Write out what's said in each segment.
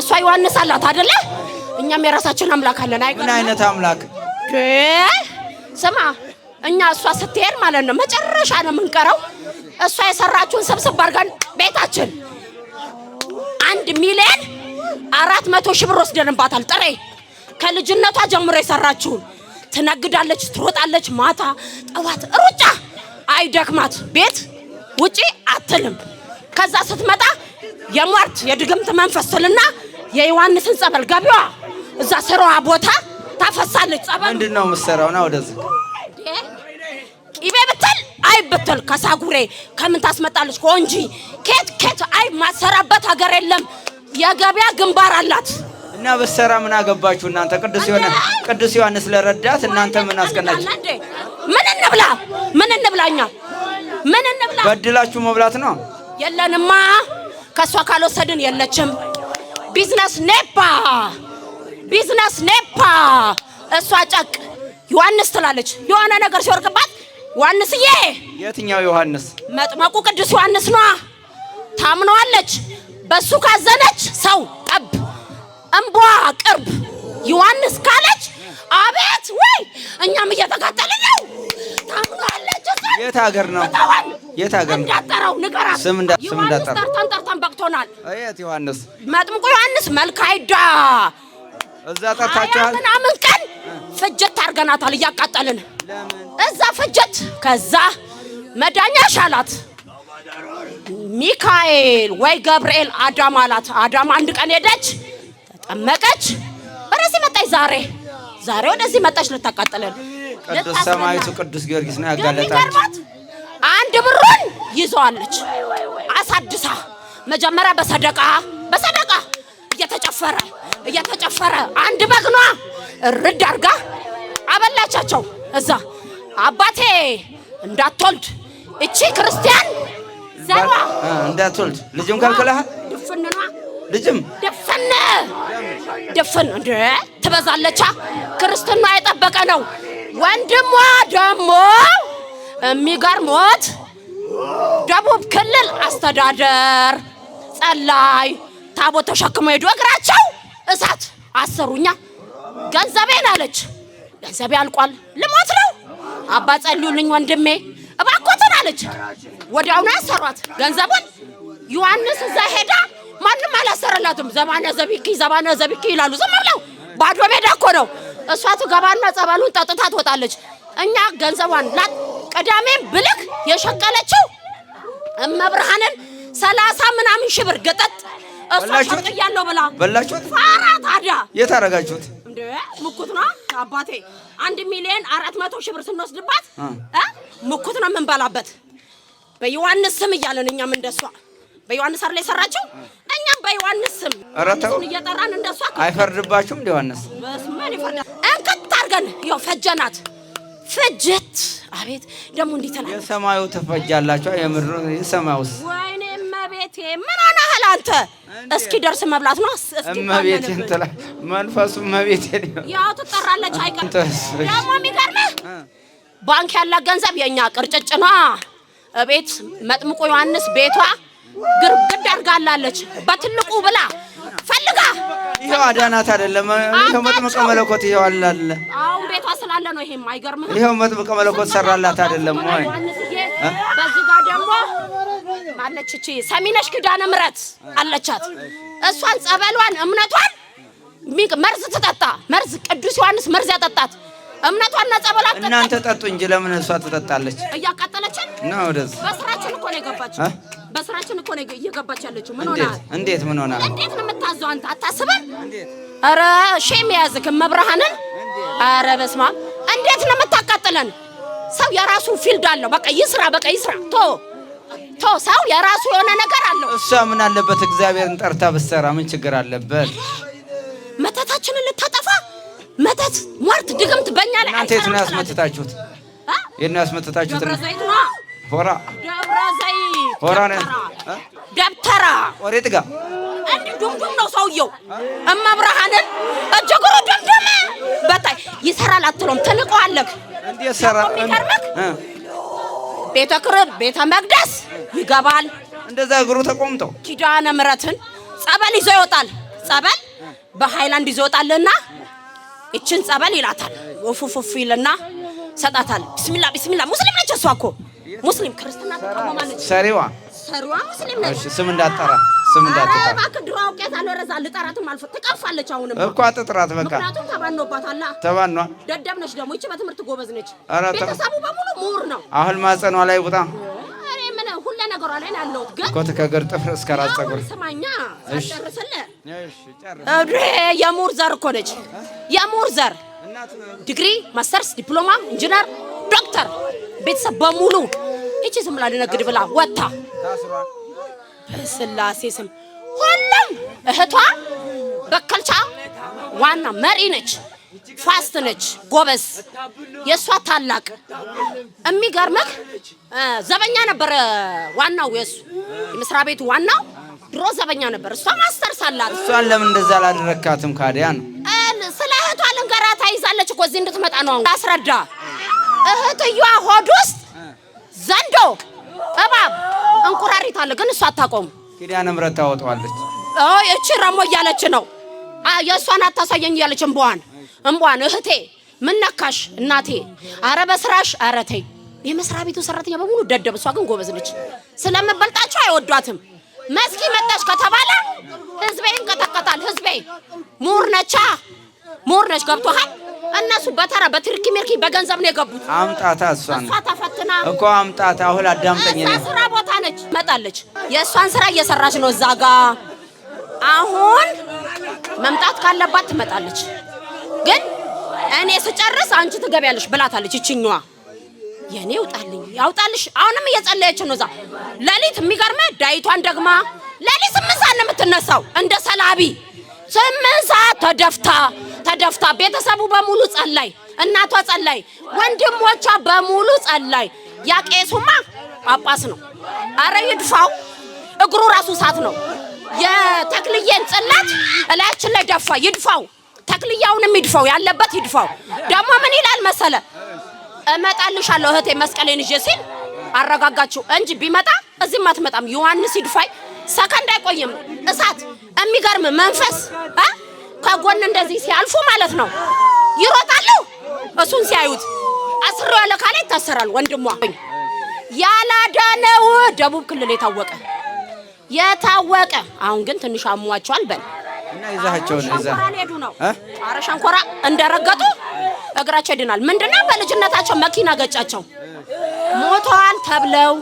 እሷ ዮሐንስ አላት አይደለ? እኛም የራሳችን አምላክ አለን። አይቀር ምን አይነት አምላክ ስማ፣ እኛ እሷ ስትሄድ ማለት ነው መጨረሻ ነው የምንቀረው። እሷ የሰራችውን ሰብስብ አድርገን ቤታችን አንድ ሚሊዮን አራት መቶ ሺህ ብር ወስደንባታል። ጥሬ ከልጅነቷ ጀምሮ የሰራችውን ትነግዳለች፣ ትሮጣለች፣ ማታ ጠዋት ሩጫ አይደክማት። ቤት ውጪ አትልም። ከዛ ስትመጣ የሟርት የድግምት መንፈስ ስልና የዮሐንስን ጸበል ገቢዋ እዛ ስራዋ ቦታ ታፈሳለች። ጸበል ምንድን ነው የምትሰራውና ወደዚህ ቂቤ ብትል አይ ብትል ከሳጉሬ ከምን ታስመጣለች እኮ ኬት ኬት አይ ማሰራበት ሀገር የለም። የገበያ ግንባር አላት እና በሰራ ምን አገባችሁ እናንተ? ቅዱስ ዮሐንስ ቅዱስ ዮሐንስ ለረዳት እናንተ ምን አስቀናችሁ? ምን እንብላ ምን እንብላኛ ምን እንብላ? በድላችሁ መብላት ነው። የለንማ ከእሷ ካልወሰድን የለችም። ቢዝነስ ኔፓ ቢዝነስ ኔፓ። እሷ ጨቅ ዮሐንስ ትላለች። የሆነ ነገር ሲወርቅባት ዮሐንስዬ፣ የትኛው ዮሐንስ? መጥመቁ ቅዱስ ዮሐንስ ነዋ። ታምነዋለች። በሱ ካዘነች ሰው ጠብ እምቧ ቅርብ ዮሐንስ ካለች አቤት ወይ እኛም እየተቃጠልን ነው። ታምነዋለች። የት ሀገር ነው? የት ሀገር እንዳጠራው ንገራት። ስም እንዳጠራው ጠርተን ጠርተን በቅቶናል። የት ዮሐንስ መጥምቁ ዮሐንስ መልካይዳ እዛ ጠርታችኋል። ምናምን ቀን ፍጀት ታርገናታል፣ እያቃጠልን እዛ ፍጀት። ከዛ መዳኛሽ አላት ሚካኤል ወይ ገብርኤል አዳም አላት። አዳም አንድ ቀን ሄደች ተጠመቀች፣ ወደዚህ መጣች። ዛሬ ዛሬ ወደዚህ መጣች ልታቃጥልን። ቅዱስ ሰማዕቱ ቅዱስ ጊዮርጊስ ነው ያጋለጣት። አንድ ብሩን ይዘዋለች አሳድሳ መጀመሪያ በሰደቃ በሰደቃ እየተጨፈረ እየተጨፈረ አንድ በግኗ እርድ አርጋ አበላቻቸው። እዛ አባቴ እንዳትወልድ እቺ ክርስቲያን ዘሯ እንዳትወልድ ልጅም ከልክለሃል። ድፍንኗ ልጅም ድፍን ድፍን እንደ ትበዛለቻ ክርስትና የጠበቀ ነው። ወንድሟ ደግሞ የሚገርሙት ደቡብ ክልል አስተዳደር ጸላይ ታቦት ተሸክሞ ሄዱ። እግራቸው እሳት አሰሩኛ። ገንዘቤን አለች ገንዘቤ አልቋል፣ ልሞት ነው አባ ጸልዩልኝ ወንድሜ እባኮትን አለች። ወዲያውኑ ያሰሯት ገንዘቡን። ዮሐንስ እዛ ሄዳ ማንም አላሰረላትም። ዘባነ ዘቢኪ ዘባነ ዘቢኪ ይላሉ። ዝም ብለው ባዶ ሜዳ እኮ ነው። እሷ ትገባና ጸበሉን ጠጥታ ትወጣለች። እኛ ገንዘቧን ላት ቀዳሜን ብልክ የሸቀለችው እመብርሃንን ሰላሳ ምናምን ሺህ ብር ገጠጥ እሷ ያለው ብላ በላችሁት። ፋራ ታዲያ የት አደረጋችሁት እንዴ? ምኩት ነው አባቴ። አንድ ሚሊዮን አራት መቶ ሺህ ብር ስንወስድባት ምኩት ነው የምንበላበት። በዮሐንስ ስም እያለን እኛም እንደሷ በዮሐንስ አር ላይ ሰራችሁ። እኛም በዮሐንስ ስም እረታውን እየጠራን እንደሷ አይፈርድባችሁም። ዮሐንስ ምን ይፈርዳል? እንክት አድርገን ያው ፈጀናት። ፈጀት። አቤት ደግሞ እንዲህ ተናገረ። የሰማዩ ትፈጃላችሁ የምድሩ የሰማዩስ? ወይኔ እመቤቴ ምን አናህል አንተ እስኪ ደርስ መብላት ነው እመቤቴ እንትላ መንፈሱ እመቤቴ ያው ትጠራለች አይቀርም። ደግሞ የሚገርምህ ባንክ ያላት ገንዘብ የእኛ ቅርጭጭ ነዋ። እቤት መጥምቁ ዮሐንስ ቤቷ ግርግድ አድርጋላለች። በትልቁ ብላ ፈልጋ ይሄው አዳናት አይደለም። ይሄው መጥምቀ መለኮት ይሄው አለ አለ። አዎ ቤቷ ስላለ ነው። ይሄም አይገርምህም? ይሄው መጥምቀ መለኮት ሰራላት አይደለም ወይ? በዚህ ጋር ደግሞ ማለች እቺ ሰሚነሽ ኪዳነ ምሕረት አለቻት። እሷን ጸበሏን፣ እምነቷን መርዝ ትጠጣ። መርዝ ቅዱስ ዮሐንስ መርዝ ያጠጣት እምነቷና ጸበሏ። እናንተ ጠጡ እንጂ ለምን እሷ ትጠጣለች? እያቃጠለችን ነው። ወደዚህ በስራችን እኮ ነው የገባችን በስራችን እኮ ነው እየገባች ያለችው። ምን ሆና እንዴት ምን ሆና እንዴት ነው የምታዘው? አንተ አታስብም? ኧረ ሼም የያዝክ መብርሃንን። ኧረ በስመ እንዴት ነው የምታቃጥለን? ሰው የራሱ ፊልድ አለው። በቃ ይስራ፣ በቃ ይስራ። ቶ ቶ ሰው የራሱ የሆነ ነገር አለው። እሷ ምን አለበት እግዚአብሔርን ጠርታ ብትሰራ ምን ችግር አለበት? መተታችንን ልታጠፋ መተት፣ ሟርት፣ ድግምት በእኛ ላይ አንተ የት ነው ያስመተታችሁት? የት ነው ያስመተታችሁት? ደብረ ዘይት ነው። ሆራ ደብረ ዘይት ሆራነ ደብተራ ወሬት ጋ አንድ ዱምዱም ነው ሰውየው። እመብርሃንን እጅግሩ ድምድም በታይ ይሰራል አትሎም ትልቀዋለህ። እንዴት ሰራ? የሚገርምህ ቤተ ክርስቲያን ቤተ መቅደስ ይገባል። እንደዛ እግሩ ተቆምጦ ኪዳነ ምሕረትን ጸበል ይዞ ይወጣል። ጸበል በሃይላንድ ይዞ ይወጣልና ይችን ጸበል ይላታል። ፉፉፉ ይልና ሰጣታል። ቢስሚላ ቢስሚላ ሙስሊም ነች እሷ እኮ ሙስሊም ክርስትና ተቃወማለች። ሰሪዋ ሰሪዋ ሙስሊም ነች። ስም እንዳጠራ ስም እንዳጠራ እባክህ ድሮ አውቄታለሁ። አልወረዛ ልጠራትም አልፎ ትቀፋለች። አሁንም እኮ አትጥራት። በቃ ምክንያቱም ተባኖባታላ ተባኗ። ደደብ ነች ደግሞ ይቺ በትምህርት ጎበዝ ነች። ቤተሰቡ በሙሉ ምሁር ነው። አሁን ማጸኗ ላይ ውጣ ሁለ ነገሯ ላይ ያለሁት ግን ኮት ከእግር ጥፍር እስከ ራስ ፀጉር ስማኛ ጨርስልህ። የምሁር ዘር እኮ ነች። የምሁር ዘር ዲግሪ፣ ማስተርስ፣ ዲፕሎማ፣ ኢንጂነር ዶክተር ቤተሰብ በሙሉ እቺ ዝም ብላ ብላ ወታ በስላሴ ስም ሁሉም እህቷ በከልቻ ዋና መሪ ነች፣ ፋስት ነች፣ ጎበዝ የእሷ ታላቅ የሚገርምህ ዘበኛ ነበር። ዋናው የእሱ የመስሪያ ቤቱ ዋናው ድሮ ዘበኛ ነበር። እሷ ማስተር ሳላት እሷን ለምን እንደዛ አላደረካትም? ካዲያ ነው ስለ እህቷ ልንገራ ታይዛለች እኮ እዚህ እንድትመጣ ነው አሁን አስረዳ እህትየዋ ሆድ ውስጥ ዘንዶ፣ እባብ፣ እንቁራሪት አለ። ግን እሷ አታቆሙ ኪዳነ ምሕረት ታወጣዋለች። እቺ ረሞ እያለች ነው የእሷን አታሳየኝ እያለች እምቧን እምቧን እህቴ ምን ነካሽ እናቴ፣ አረ በስራሽ አረ ተይ። የመስሪያ ቤቱ ሰራተኛ በሙሉ ደደብ፣ እሷ ግን ጎበዝ ነች። ስለምበልጣቸው አይወዷትም። መስኪ መጣሽ ከተባለ ህዝቤ ይንቀጠቀጣል። ህዝቤ ሙር ነቻ ምሁር ነች። ገብቶሃል እነሱ በተራ በትርኪ ምርኪ በገንዘብ ነው የገቡት። አምጣታ እሷን እሷ ተፈትና እኮ አምጣታ። አሁን አዳምጠኝ። ነው ስራ ቦታ ነች መጣለች። የእሷን ስራ እየሰራች ነው እዛ ጋ። አሁን መምጣት ካለባት ትመጣለች። ግን እኔ ስጨርስ አንቺ ትገቢያለሽ ብላታለች ይችኛዋ የኔ ውጣልኝ ያውጣልሽ። አሁንም እየጸለየች ነው እዛ ሌሊት። የሚገርመ ዳይቷን ደግማ ሌሊት ስምንት ሰዓት ነው የምትነሳው እንደ ሰላቢ ስምንት ሰዓት ተደፍታ ተደፍታ ቤተሰቡ በሙሉ ጸላይ፣ እናቷ ጸላይ፣ ወንድሞቿ በሙሉ ጸላይ። ያ ቄሱማ ጳጳስ ነው። አረ ይድፋው፣ እግሩ ራሱ እሳት ነው። የተክልዬን ጽላት እላያችን ላይ ደፋ። ይድፋው፣ ተክልያውንም ይድፋው፣ ያለበት ይድፋው። ደግሞ ምን ይላል መሰለ እመጣልሻለሁ እህቴ መስቀሌን ይዤ ሲል አረጋጋችሁ እንጂ ቢመጣ እዚህም አትመጣም። ዮሐንስ ይድፋይ ሰከንድ አይቆይም። እሳት የሚገርም መንፈስ ከጎን እንደዚህ ሲያልፉ ማለት ነው ይሮጣሉ። እሱን ሲያዩት አስሮ ያለ ካለ ይታሰራል። ወንድሟ ያላዳነው ደቡብ ክልል የታወቀ የታወቀ አሁን ግን ትንሽ አሟቸዋል። በል እና ይዛቸውን እዛ ሄዱ ነው ኧረ ሸንኮራ እንደረገጡ እግራቸው ይድናል። ምንድነው በልጅነታቸው መኪና ገጫቸው ሞተዋል ተብለው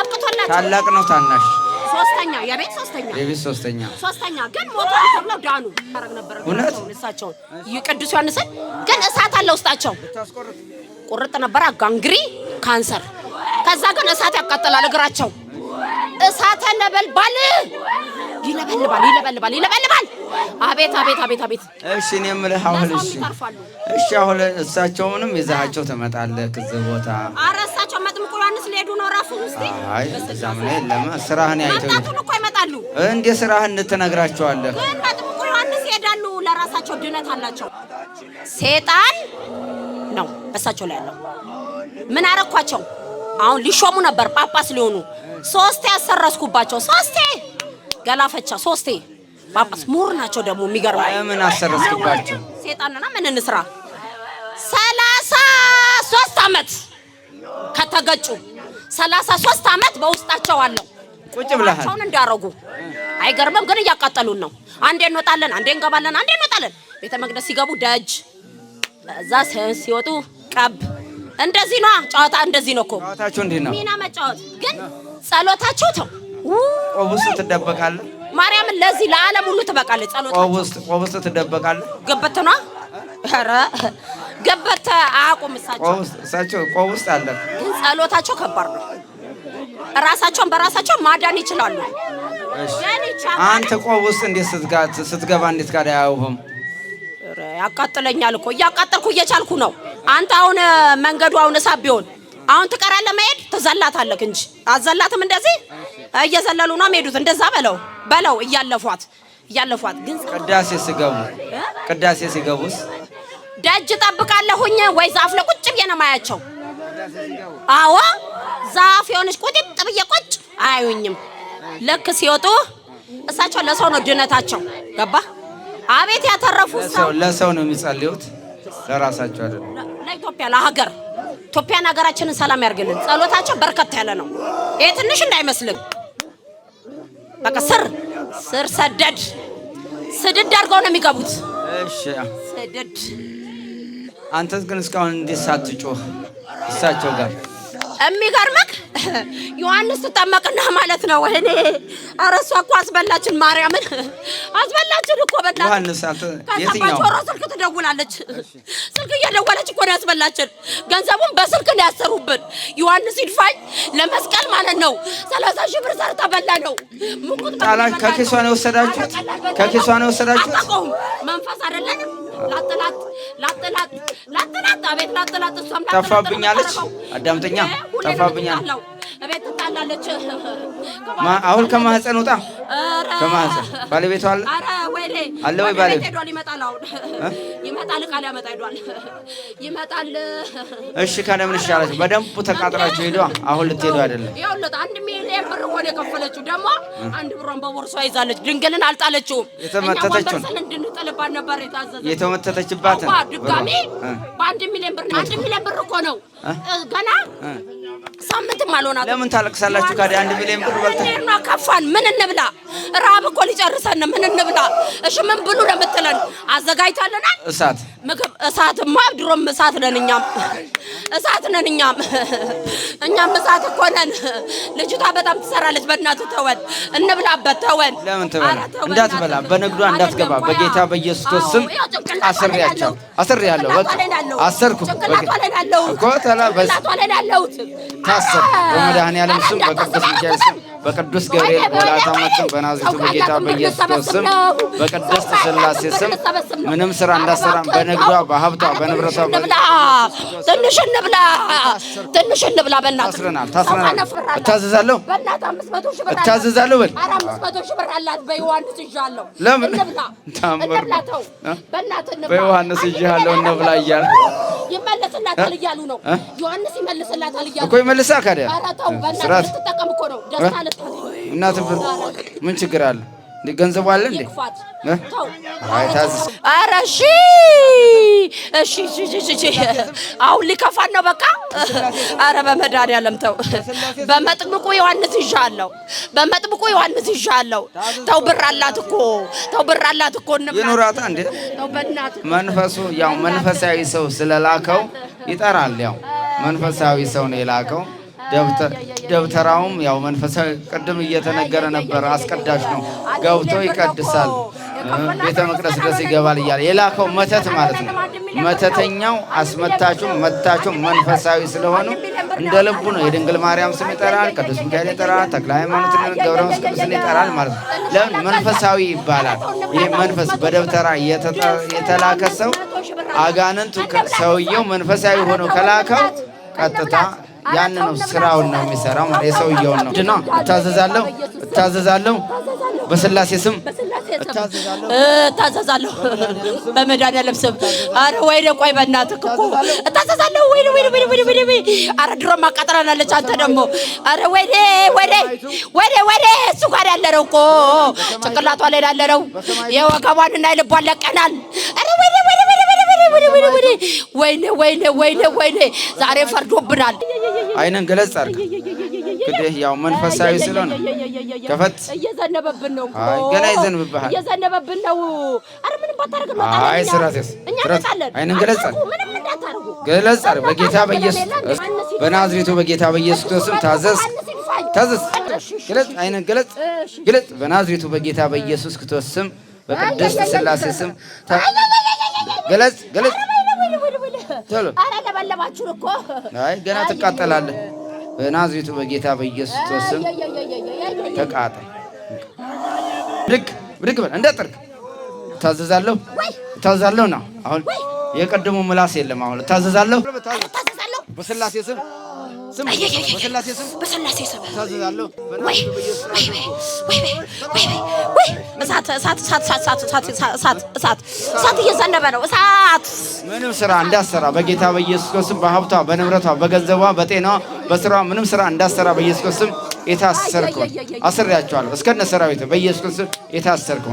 አብቅቶላቸው ታላቅ ነው ታናሽ ሶስተኛ የቤት ሶስተኛ የቤት ሶስተኛ ሶስተኛ ግን ሞቷል ተብለው ዳኑ ታረግ ነበር። እውነት እሳቸው ቅዱስ ዮሐንስን ግን እሳት አለ ውስጣቸው ቁርጥ ነበረ፣ ጋንግሪ ካንሰር። ከዛ ግን እሳት ያቃጥላል እግራቸው እሳተ ነበልባል ይለበልባል ይለበልባል ይለበልባል። አቤት አቤት አቤት አቤት። እሺ እኔ የምልህ አሁን እሺ እሺ አሁን እሳቸውንም ይዛቸው ትመጣለህ እዚህ ቦታ አረስ ራሱ ስራህን አይተው እኮ ይመጣሉ እንዴ ስራህን ትነግራቸዋለህ። ግን መጥምቁ ዮሐንስ ይሄዳሉ። ለራሳቸው ድነት አላቸው። ሴጣን ነው በሳቸው ላይ ያለው። ምን አረኳቸው? አሁን ሊሾሙ ነበር ጳጳስ ሊሆኑ። ሶስቴ አሰረስኩባቸው። ሶስቴ ገላፈቻ፣ ሶስቴ ጳጳስ ሙር ናቸው ደግሞ የሚገርመው። ምን አሰረስኩባቸው? ሴጣንና ምን እንስራ ሰላሳ ሶስት አመት ከተገጩ ሰላሳ ሶስት አመት በውስጣቸው አለው ቁጭ ብላቸውን እንዳረጉ አይገርምም? ግን እያቃጠሉን ነው። አንዴ እንወጣለን፣ አንዴ እንገባለን፣ አንዴ እንወጣለን። ቤተ መቅደስ ሲገቡ ደጅ፣ እዛ ሲወጡ ቀብ። እንደዚህ ነው ጨዋታ፣ እንደዚህ ነው እኮ ሚና መጫወት። ግን ጸሎታቸው ተው ውስጥ ትደበቃለ። ማርያምን ለዚህ ለዓለም ሁሉ ትበቃለች። ጸሎታቸው ውስጥ ትደበቃለ። ግብት ነው ገበተ አያውቁም። እሳቸው እሳቸው ቆብ ውስጥ አለ፣ ግን ጸሎታቸው ከባድ ነው። ራሳቸውን በራሳቸው ማዳን ይችላሉ። አንተ ቆብ ውስጥ እንዴት ስትገባ እንዴት ጋር አያውህም? ያቃጥለኛል እኮ እያቃጠልኩ እየቻልኩ ነው። አንተ አሁን መንገዱ አሁን እሳት ቢሆን አሁን ትቀራለህ መሄድ ትዘላታለህ እንጂ አዘላትም። እንደዚህ እየዘለሉ ነው የሚሄዱት። እንደዛ በለው በለው እያለፏት እያለፏት ግን ቅዳሴ ሲገቡ ቅዳሴ ሲገቡስ ደጅ ጠብቃለሁኝ ወይ ዛፍ ላይ ቁጭ ብዬ ነው ማያቸው። አዎ ዛፍ የሆነች ቁጥጥ ብዬ ቁጭ አያዩኝም። ልክ ሲወጡ እሳቸው ለሰው ነው ድነታቸው። ገባ አቤት ያተረፉ ሰው ለሰው ነው የሚጸልዩት፣ ለራሳቸው አይደለም። ለኢትዮጵያ ለሀገር ኢትዮጵያን ሀገራችንን ሰላም ያርግልን። ጸሎታቸው በርከት ያለ ነው። ይሄ ትንሽ እንዳይመስልህ። በቃ ስር ስር ሰደድ ስድድ አድርገው ነው የሚገቡት። ስድድ አንተ ግን እስካሁን እንዴት ሳትጮህ እሳቸው ጋር የሚገርምህ ዮሐንስ ትጠመቅና ማለት ነው። ወይኔ ኧረ እሷ እኮ አስበላችን፣ ማርያምን አስበላችን እኮ በላችን። ጆሮ ስልክ ትደውላለች። ስልክ እየደወለች እኮ ነው ያስበላችን። ገንዘቡን በስልክ ነው ያሰሩብን። ዮሐንስ ይድፋኝ ለመስቀል ማለት ነው። ሰላሳ ሺህ ብር ሰርታ በላ ነው። ከኪሷ ነው ወሰዳችሁት? ከኪሷ ነው ወሰዳችሁት? መንፈስ አይደለንም ላጥላጥ ላጥላጥ አቤት ላጥላጥ እሷም ጠፋብኛለች። አዳምጠኛ ጠፋብኛል እቤት ትጣላለች። አሁን ከማህፀን ውጣ። ከማህፀን ባለቤቷ አለ አለ ወይ ባለቤት ሄዷል። ይመጣል። አሁን ይመጣል። ቃል ያመጣ ሄዷል። ይመጣል። እሺ ከነምን ይሻላል። በደንቡ ተቃጥራችሁ ሄዷ። አሁን ልትሄዱ አይደለም። ይኸውልህ አንድ ሚሊዮን ብር እኮ ነው የከፈለችው። ደግሞ አንድ ብሯን በቦርሷ ይዛለች። ድንግልን አልጣለችውም። የተመተተችው እንድንጥልባት ነበር የታዘዘ የተመተተችባትን ድጋሜ በአንድ ሚሊዮን ብር አንድ ሚሊዮን ብር እኮ ነው ገና ሳምንትም አልሆናትም። ለምን ታለቅሳላችሁ ታዲያ? አንድ ሚሊዮን ብር በልተን ከፋን። ምን እንብላ? ራብ እኮ ሊጨርሰን። ምን እንብላ? እሺ ምን ብሉ ለምትለን አዘጋጅታለናል። እሳት ምግብ፣ እሳትማ ድሮም እሳት ነን እኛም፣ እሳት ነን እኛም፣ እኛም እሳት እኮ ነን። ልጅቷ በጣም ትሰራለች። በእናቱ ተወን፣ እንብላበት። ተወን። ለምን ትበላ? እንዳትበላ፣ በንግዷ እንዳትገባ፣ በጌታ በኢየሱስ ክርስቶስ ስም አስሬያቸው አስር ያለው አሰርኩ እኮ ተላ ስም በቅዱስ ሚካኤል ስም በቅዱስ ገብርኤል በወላዲተ አምላክ ስም በናዝሬቱ በጌታ በኢየሱስ ክርስቶስ ስም በቅድስት ስላሴ ስም ምንም ስራ እንዳሰራም በንግዷ በሀብቷ በንብረቷ ትንሽ እንብላ ትንሽ እንብላ በእናትህ ታስረናል ታስረናል እታዘዛለሁ እታዘዛለሁ በል ለምን በዮሐንስ ይዤ እወድሃለሁ ነው ብላ እያለ ይመልስላታል እያሉ ነው። ዮሐንስ ይመልስላታል እያሉ እኮ ይመልሳ ካዲያ ስራት ትጠቀም እኮ ነው። ደስታ ልታ እናት ምን ችግር አለ? ገንዘቡ አለ እንዴ? እሺ እሺ፣ አሁን ሊከፋን ነው በቃ። አረ በመድኃኒዓለም ተው። በመጥምቁ ዮሐንስ ይዣለሁ፣ በመጥምቁ ዮሐንስ ይዣለሁ። ተው ብር አላት እኮ ተው ብር አላት እኮ ይኑራታ እንዴ። መንፈሱ ያው መንፈሳዊ ሰው ስለላከው ይጠራል። ያው መንፈሳዊ ሰው ነው የላከው። ደብተራውም ያው መንፈሳዊ ቅድም እየተነገረ ነበር። አስቀዳሽ ነው ገብቶ ይቀድሳል። ቤተ መቅደስ ድረስ ይገባል እያለ የላከው መተት ማለት ነው። መተተኛው አስመታችሁ መታችሁ መንፈሳዊ ስለሆኑ እንደ ልቡ ነው። የድንግል ማርያም ስም ይጠራል፣ ቅዱስ ሚካኤል ይጠራል፣ ተክለ ሃይማኖትን፣ ገብረ መንፈስ ቅዱስን ይጠራል ማለት ነው። ለምን መንፈሳዊ ይባላል? ይህ መንፈስ በደብተራ የተላከ ሰው አጋንንቱ ሰውየው መንፈሳዊ ሆኖ ከላከው ቀጥታ ያን ነው ስራውን ነው የሚሰራው። የሰውየውን ነው ድና እታዘዛለሁ እታዘዛለሁ በስላሴ ስም እታዘዛለሁ። በመድኃኒዓለም ስም አረ ወይ ቆይ በእናትህ እኮ እታዘዛለሁ። ወይ ወይ ወይ ወይ ወይ አረ ድሮም አቃጥራናለች። አንተ ደግሞ አረ ወይ ወይ ወይ ወይ እሱ ጋር ያለነው እኮ ጭንቅላቷ ላይ ያለነው የወገቧንና የልቧን ለቀናል። አረ ወይ ወይ ወይ ወይ ወይኔ ወይኔ ወይኔ ወይኔ ዛሬ ፈርዶብናል። አይነን ገለጽ አድርጋ እንግዲህ ያው መንፈሳዊ ስለሆነ ከፈት እየዘነበብን ነው። ገና ይዘንብብሃል። እየዘነበብን ነው። አረ ምንም ባታረግ አይ እኛ አይንን ገለጽ ምንም እንዳታረጉ ገለጽ። በጌታ በኢየሱስ በናዝሬቱ በጌታ በኢየሱስ ክርስቶስ ታዘዝ፣ ታዘዝ። አይንን ገለጽ፣ በናዝሬቱ በጌታ በኢየሱስ ክርስቶስ ስም በቅድስት ስም ገለጽ፣ ገለጽ። ቶሎ አረ እኮ አይ ገና ትቃጠላለህ። በናዝሬቱ በጌታ በኢየሱስ ክርስቶስ ተቃጠል። ብድግ ብድግ በል እንደ ጥርግ ታዘዛለሁ ታዘዛለሁ ነው። አሁን የቀደሙ ምላስ የለም። አሁን ታዘዛለሁ በስላሴ ስም በስላሴ ስም በስላሴ እሳት እየዘነበ ነው። እሳት ምንም ስራ እንዳሰራ በጌታ በኢየሱስ ስም፣ በሀብቷ በንብረቷ፣ በገንዘቧ፣ በጤናዋ፣ በስራዋ ምንም ስራ እንዳሰራ በኢየሱስ ስም የታሰርኩ አስሬያቸዋለሁ። እስከነ ሰራዊት በኢየሱስ ስም የታሰርኩ